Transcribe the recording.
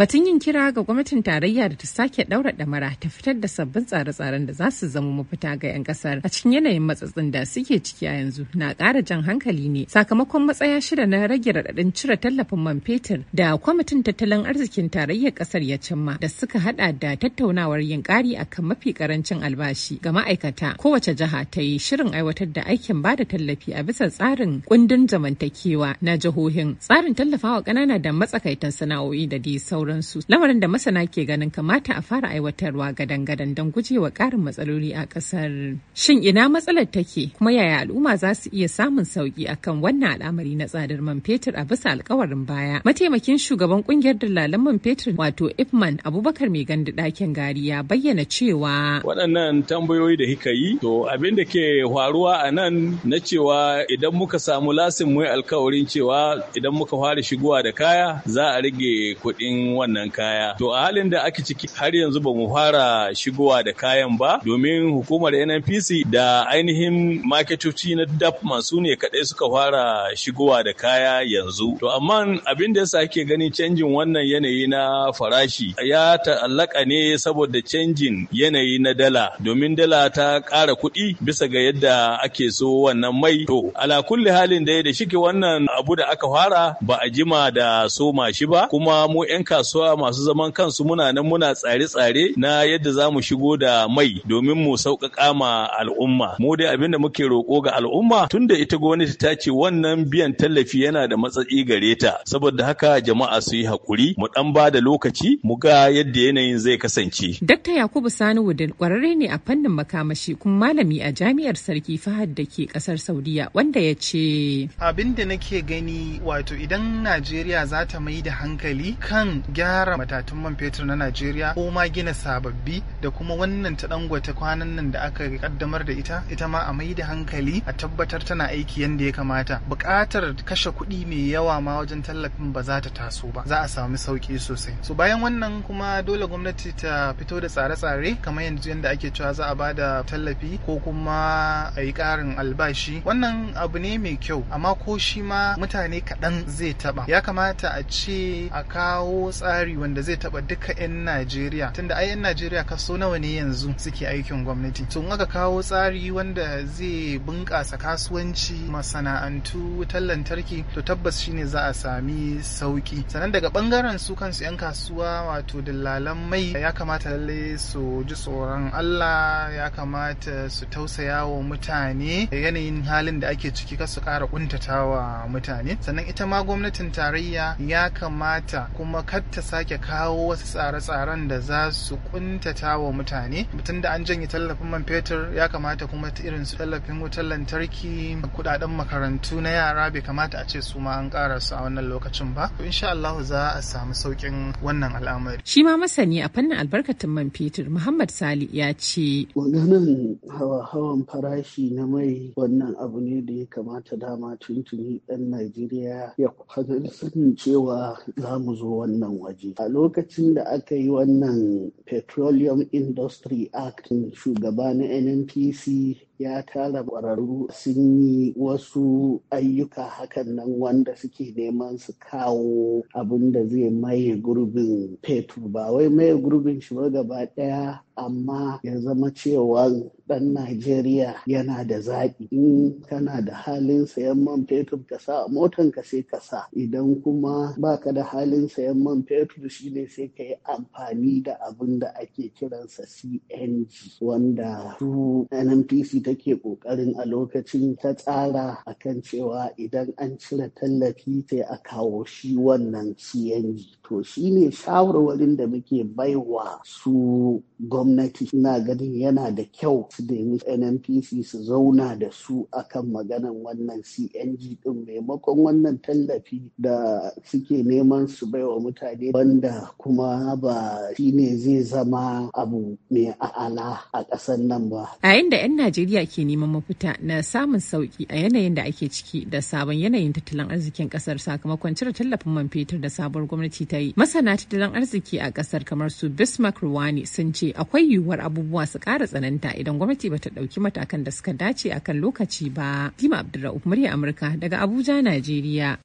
Batun yin kira ga gwamnatin tarayya da ta sake daura damara ta fitar da sabbin tsare-tsaren da za su zama mafita ga 'yan kasar a cikin yanayin matsatsin da suke ciki a yanzu na ƙara jan hankali ne sakamakon matsaya shida na rage raɗaɗin cire tallafin man fetur da kwamitin tattalin arzikin tarayyar ƙasar ya cimma da suka haɗa da tattaunawar yin ƙari akan mafi karancin albashi ga ma'aikata kowace jiha ta yi shirin aiwatar da aikin ba da tallafi a bisa tsarin kundin zamantakewa na jihohin tsarin tallafawa ƙanana da matsakaitan sana'o'i da dai sauransu lamarin da masana ke ganin kamata a fara aiwatarwa gadan-gadan don gujewa ƙarin matsaloli a ƙasar shin ina matsalar take kuma yaya al'umma za su iya samun sauki akan wannan al'amari na tsadar man fetur a bisa alkawarin baya mataimakin shugaban kungiyar dalalan man fetur wato ifman abubakar mai gandu ɗakin gari ya bayyana cewa waɗannan tambayoyi da kika yi to abin da ke faruwa a nan na cewa idan muka samu lasin mu alkawarin cewa idan muka fara shigowa da kaya za a rage kuɗin wannan kaya to a halin da ake ciki har yanzu ba mu fara shigowa da kayan ba domin hukumar nnpc da ainihin maketoci na dap masu ne kaɗai suka fara shigowa da kaya yanzu to amma abin da yasa ake gani canjin wannan yanayi na farashi ya ta'allaka ne saboda canjin yanayi na dala domin dala ta ƙara kuɗi bisa ga yadda ake so wannan mai to ala kulli halin da da shike wannan abu da aka fara ba a jima da soma shi ba kuma mu 'yan kasuwa masu zaman kansu muna nan muna tsare-tsare na yadda za mu shigo da mai domin mu sauƙaƙa ma al'umma. Mu dai abin da muke roƙo ga al'umma tunda ita gwamnati ta ce wannan biyan tallafi yana da matsatsi gare ta. Saboda haka jama'a su yi haƙuri mu ɗan ba da lokaci mu ga yadda yanayin zai kasance. Dakta Yakubu Sani Wudil ƙwararre ne a fannin makamashi kuma malami a jami'ar Sarki Fahad da ke ƙasar Saudiya wanda ya ce. Abin da nake gani wato idan Najeriya za ta mai da hankali kan gyara matatun man fetur na Najeriya ko ma gina sababbi da kuma wannan ta dangote kwanan nan da aka kaddamar da ita ita ma a mai da hankali a tabbatar tana aiki yadda ya kamata buƙatar kashe kuɗi mai yawa ma wajen tallafin ba za ta taso ba za a sami sauƙi sosai so bayan wannan kuma dole gwamnati ta fito da tsare-tsare kamar yanzu yadda ake cewa za a bada tallafi ko kuma a yi ƙarin albashi wannan abu ne mai kyau amma ko shi ma mutane kaɗan zai taɓa ya kamata a ce a kawo tsari wanda zai taba duka 'yan Najeriya tunda ai 'yan Najeriya kaso nawa ne yanzu suke aikin gwamnati to aka kawo tsari wanda zai bunƙasa kasuwanci masana'antu wutar lantarki to tabbas shine za a sami sauki sannan daga bangaren su kansu 'yan kasuwa wato dillalan mai ya kamata lalle su ji tsoron Allah ya kamata su tausaya wa mutane yanayin halin da ake ciki kasu ƙara ƙuntatawa mutane sannan ita ma gwamnatin tarayya ya kamata kuma ka. ta sake kawo wasu tsare-tsaren da za su kuntata wa mutane mutum da an janye tallafin man fetur ya kamata kuma irin su tallafin wutar lantarki kudaden makarantu na yara bai kamata a ce su ma an kara su a wannan lokacin ba insha Allah za a samu saukin wannan al'amari shi ma masani a fannin albarkatun man fetur Muhammad Sali ya ce maganan hawa-hawan farashi na mai wannan abu ne da ya kamata dama tuntuni ɗan Najeriya ya sanin cewa za mu zo wannan waje a lokacin da aka yi wannan petroleum industry act shugaba na nnpc ya tara ƙwararru sun yi wasu ayyuka hakan nan wanda suke neman su kawo abin da zai maye gurbin fetur ba wai maye gurbin shi ba gaba ɗaya amma ya zama cewa ɗan Najeriya yana da zaɓi in kana da halin sayan man fetur ka sa motan ka sai ka sa idan kuma baka da halin sayan man fetur shi ne sai ka yi amfani da abin da ake kiransa CNG wanda su NNPC ta take ƙoƙarin a lokacin ta tsara akan cewa idan an cire tallafi sai a kawo shi wannan CNG. to ne shawarwarin da muke baiwa su gwamnati na ganin yana da kyau su nemi nnpc su zauna da su akan maganan wannan cng din maimakon wannan tallafi da suke neman su baiwa mutane banda kuma ba shine zai zama abu mai a'ala a ƙasar nan ba a yayin da 'yan najeriya ke neman mafita na samun sauki a yanayin da ake ciki da sabon yanayin tattalin arzikin ƙasar sakamakon cire tallafin man fetur da sabuwar gwamnati ta turai masana tattalin arziki a kasar kamar su bismarck ruwani sun ce akwai yiwuwar abubuwa su kara tsananta idan gwamnati bata dauki matakan da suka dace akan lokaci ba dima abdulrahman murya amurka daga abuja najeriya